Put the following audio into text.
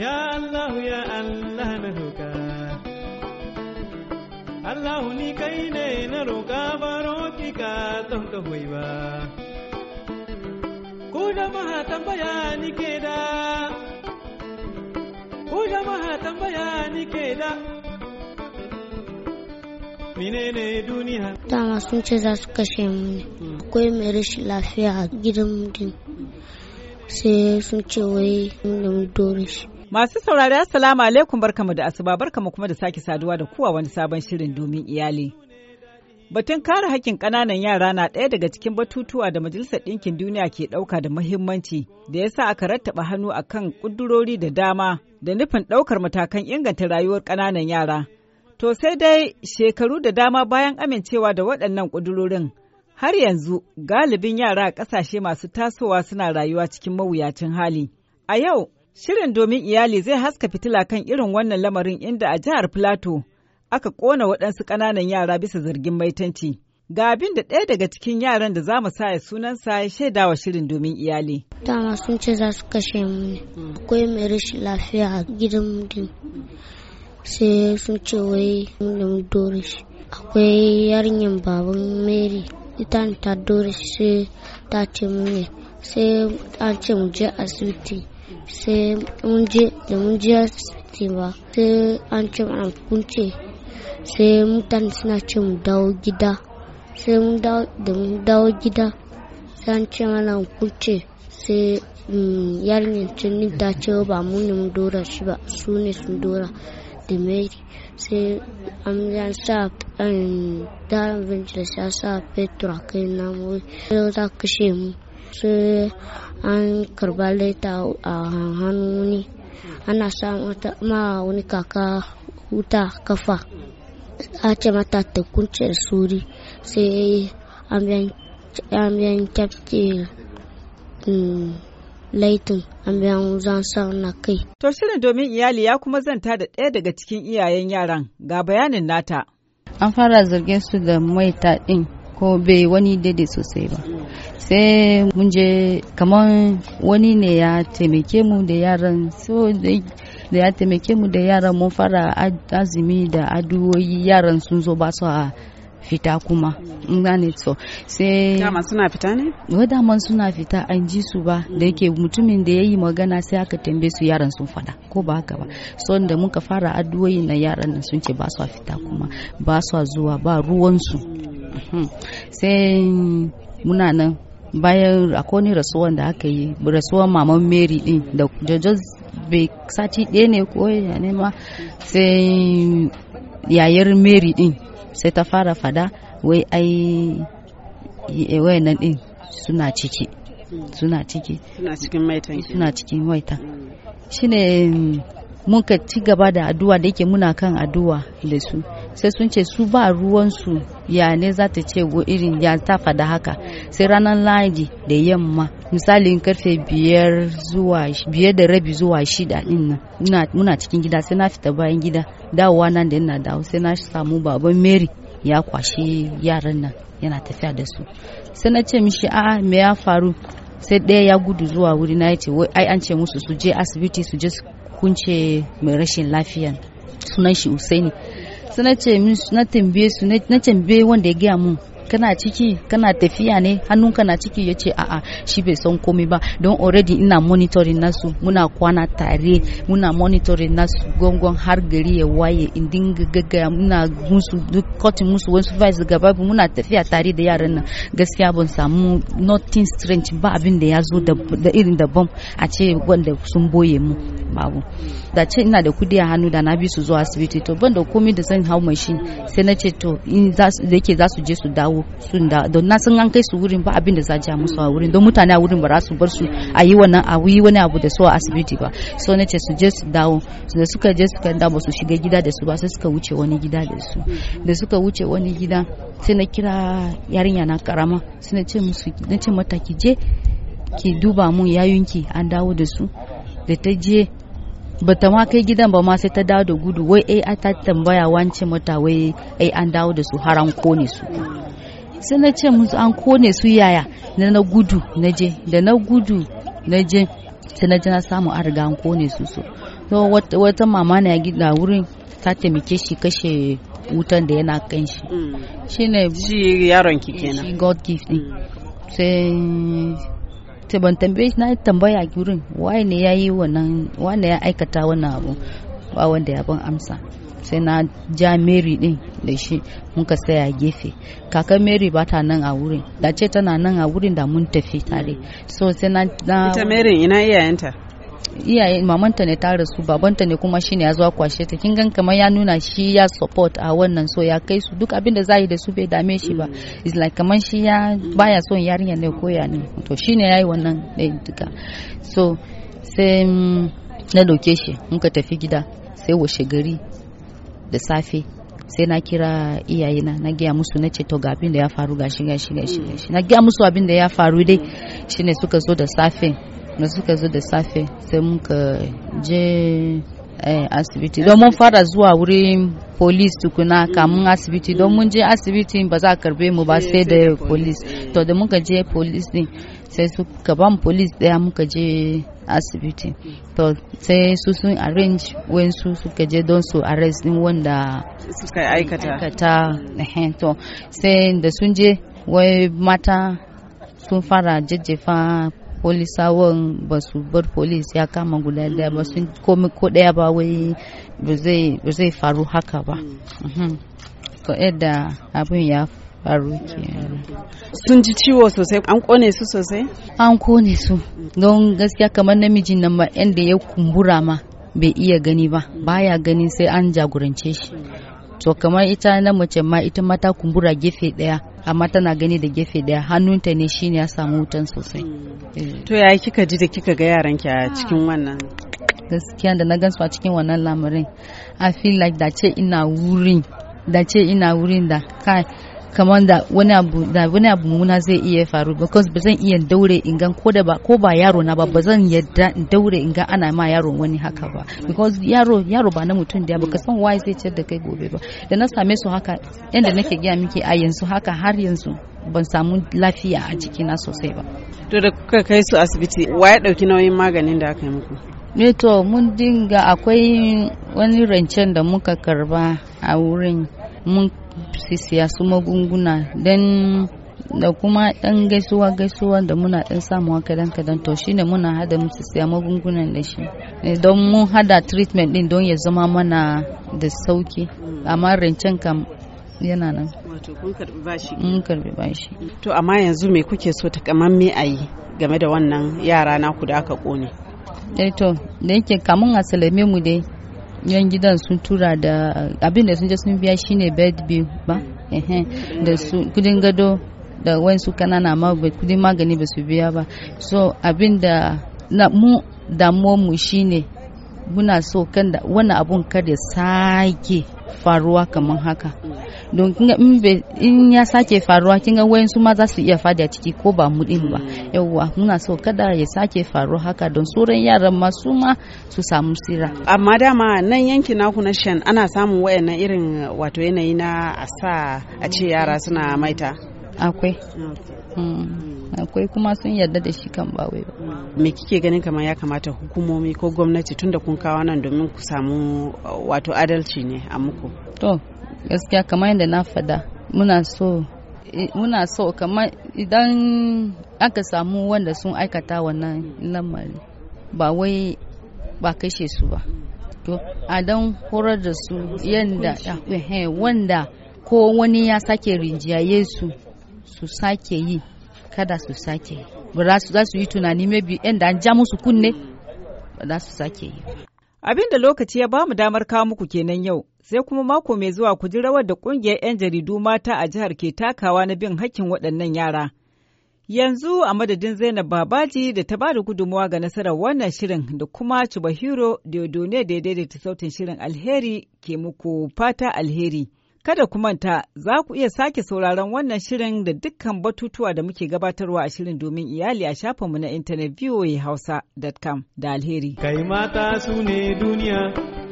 Ya Allah ya Allah na roƙa Allah ni kai ne na roƙa baro ki ka don ka hoyi ba Ku tambaya ni ke da tambaya ni ke da ce za su kashe mu ne hmm. akwai mai rashin lafiya a gidan mutum sai sun ce wai mu dore shi Masu saurari assalamu alaikum barkamu da asuba barkamu kuma da sake saduwa da kuwa wani sabon shirin domin iyali. Batun kare hakkin ƙananan yara na ɗaya daga cikin batutuwa da Majalisar Ɗinkin Duniya ke ɗauka da muhimmanci da ya sa aka rattaba hannu a kan ƙudurori da dama da nufin ɗaukar matakan inganta rayuwar ƙananan yara. To sai dai shekaru da dama bayan amincewa da waɗannan ƙudurorin har yanzu galibin yara a ƙasashe masu tasowa suna rayuwa cikin mawuyacin hali. A yau Shirin domin iyali zai haska fitila kan irin wannan lamarin inda a jihar Filato aka kona waɗansu ƙananan yara bisa zargin maitanci. Ga abin da ɗaya daga cikin yaran da za mu sa ya sunansa ya shaida wa shirin domin iyali. Dama sun ce za su kashe mu ne. Akwai mai rashin lafiya a gidan mutum. Sai sun ce wai da mu dore shi. Akwai yarinyar baban Mary. Ita ta dore shi sai ta ce mu ne. Sai an ce mu je asibiti. sai mun je da mun je ba sai an ce mana kunce sai mutane suna ce mu dawo gida se mm, mun dawo da mun dawo gida sai an ce mana kunce sai yarinyar cin ta ce ba mu ne mun dora shi ba su ne sun dora da mary sai an sa daren ventura sai sa petro a kai namu sai za kashe mu sai an karba laita a hannu ana sa ma wani kaka huta kafa a ce mata ta kunce da suri sai an biyan kyafke laitin an biyan zan na kai. To shirin domin iyali ya kuma zanta da ɗaya daga cikin iyayen yaran ga bayanin nata. An fara zargin su da maita ɗin ko bai wani daidai sosai ba sai mun je kamar wani ne ya taimake mu da yaran so da ya taimake mu da yaran mun fara azumi da aduwoyi yaran sun zo ba su a fita kuma ne so sai dama suna fita ne dama suna fita an ji su ba da yake mutumin da ya yi magana sai aka tambaye su yaran sun fada ko ba haka ba so da muka fara addu'o'i na yaran sun ce ba su fita kuma ba su zuwa ba ruwansu Hmm. sai muna nan bayan akwai rasuwan da aka yi rasuwan maman mary din da jojo bai sati ɗaya ne ko ya nema sai yayar mary din sai ta fara fada wai ai nan din suna ciki suna ciki suna cikin maita hmm. shine muka ci gaba da addu'a da yake muna kan addu'a da su sai sun ce su ba ruwansu ya ne za ta ce irin ya ta fada haka sai ranar lahadi da yamma misalin karfe biyar zuwa biyar da rabi zuwa shida din nan muna cikin gida sai na fita bayan gida dawowa nan da yana dawo sai na samu baban mary ya kwashe yaran nan yana tafiya da su sai na ce mishi a me ya faru sai ɗaya ya gudu zuwa wuri na yace wai ai an ce musu su je asibiti su je kunce mai rashin lafiyan sunan shi usaini sai na ce na tambaye su na tambaye wanda ya gaya mun kana ciki kana tafiya ne hannunka na ciki ya ce a'a shi bai son komai ba don already ina monitoring nasu muna kwana tare muna monitoring nasu gongon har gari ya waye in dinga gaggaya muna musu duk kotin musu wani supervisor gaba muna tafiya tare da yaran nan gaskiya ban samu nothing strange ba abin da ya zo da irin daban a ce wanda sun boye mu babu da ce ina da kudi a hannu da na bi su zuwa asibiti to ban da komai da zan hau mashin sai na ce to in da yake za su je su dawo sun da don na sun an kai su wurin ba abin da za ja musu a wurin don mutane a wurin ba za su bar su a yi wannan a yi wani abu da su a asibiti ba so nace su je su dawo su da suka je suka dawo su shiga gida da su ba sai suka wuce wani gida da su da suka wuce wani gida sai na kira yarinya na karama sai na ce musu na ce mata ki je ki duba mun yayunki an dawo da su da ta je bata ma kai gidan ba ma sai ta dawo da gudu wai ai ta tambaya wance mata wai ai an dawo da su haranko ne su sai na ce musu an kone su yaya na na gudu na je da na gudu na je sai na je na samu an riga an kone su so wata mama na gida wurin ta taimake shi kashe wutan da yana kan shi mm. ne shi yaron ki kenan shi god gift ne mm. sai ta ban tambaye shi na tambaya gurin waye ne yi wannan wanda ya aikata wannan abu ba wanda ya ban amsa sai na ja mary din da shi muka saya gefe kaka mary ba ta nan a wurin da ce tana nan a wurin da mun tafi tare so sai na ita mary ina iyayenta iyaye mamanta ne ta rasu babanta ne kuma shine ya zo kwashe ta kin gan kamar ya nuna shi ya support a wannan so ya kai su duk abin da zai yi da su bai dame shi ba mm. is like kamar shi ya baya son yarinya ne ko ya ne to shine yayi wannan ɗayan duka so sai mm, na doke shi muka tafi gida sai washe gari da safe sai na kira iyayena na gaya musu na ce to ga abin da ya faru gashi gashi gashi shi na gaya musu abin da ya faru dai shine suka zo da safe na suka zo da safe sai muka je eh, asibiti don mun fara zuwa wurin polis tukuna kamun asibiti don mun je asibiti ba za a karbe mu ba eh, sai da polis eh. to da muka je polis din sai su gaban police daya muka je asibiti to sai su sun arrange su suka je don su arrest din wanda suka aikata to sai da sun je wai mata sun fara jajjefa polisawan ba su bar polis ya kama guda daya ba sun komi ko daya ba wai ba zai faru haka ba mm. mhm. to yadda abin ya faruki sun ji ciwo sosai an kone su sosai an kone su don gaskiya kamar namijin nan ma yanda ya kumbura ma bai iya gani ba baya gani sai an jagorance shi to kamar ita na mace ma ita mata kumbura gefe daya amma tana gani da gefe daya hannunta ne shine ya samu wutan sosai eh. to ya kika ji da kika ga yaran ki a cikin wannan gaskiya da na su a cikin wannan lamarin i feel like da ce ina wurin da ce ina wurin da kai kamar da wani abu da wani abu muna zai iya faru because ba zan iya daure in ko da ba ko ba yaro na ba ba zan yadda in daure in ga ana ma yaro wani haka ba because yaro yaro ba na mutum da baka san why zai ciyar da kai gobe ba da na same su haka inda nake giya miki a yanzu haka har yanzu ban samu lafiya a jikina sosai ba to da kuka kai su asibiti wa ya dauki nauyin maganin da aka yi muku ne to mun dinga akwai wani rancen da muka karba a wurin mun siya su magunguna don da kuma dan gaisuwa gaisuwa da muna dan samuwa kadan kadan to shine muna hada musu siya magungunan da shi eh, don mun hada treatment din don ya zama mana da sauki amma rancen kam yana nan wato kun karbi bashi mun karbi bashi to amma yanzu me kuke so takamamme a ayi game da wannan yara naku da aka kone eh to da yake kamun a salame mu dai yan gidan sun tura da abin da sun je sun biya shine bed bill ba da su kudin gado da wayansu kanana ma kudin magani ba su biya ba so abin da mu damuwar mu shine muna so kan da wani abun kada sake faruwa kamar haka don kinga in ya sake faruwa kinga wayan su ma za su iya fadi a ciki ko ba mu hmm. din ba yawwa muna so kada ya sake faru haka don sauran yaran ma su ma su samu sira amma dama nan yankin naku na shan ana samun wayannan irin wato yanayi na a sa a ce yara suna maita akwai hmm. Hmm. akwai kuma sun yarda da shi kan ba wai ba me kike ganin kamar ya kamata hukumomi ko gwamnati tunda kun kawo nan domin ku samu wato adalci ne a muku to gaskiya kamar yadda na fada muna so eh, muna so kamar idan aka samu wanda sun aikata wannan lamari ba wai ba kashe su ba to a don horar da su yadda eh, eh, wanda ko wani ya sake rinjiyaye su su sake yi kada su sake yi ba za su yi tunani maybe yadda an ja musu kunne ba za su sake yi abin da lokaci ya bamu damar kawo muku kenan yau sai kuma mako mai zuwa ku ji rawar da kungiyar 'yan jaridu mata a jihar ke takawa na bin hakkin waɗannan yara. Yanzu a madadin Zainab Babaji da ta ba da gudunmawa ga nasarar wannan shirin da kuma Chubahiro Diodone da ya daidaita sautin shirin alheri ke muku fata alheri. Kada ku manta za ku iya sake sauraron wannan shirin da dukkan batutuwa da muke gabatarwa a shirin domin iyali a shafinmu na intanet voahausa.com da alheri. Kai mata su ne duniya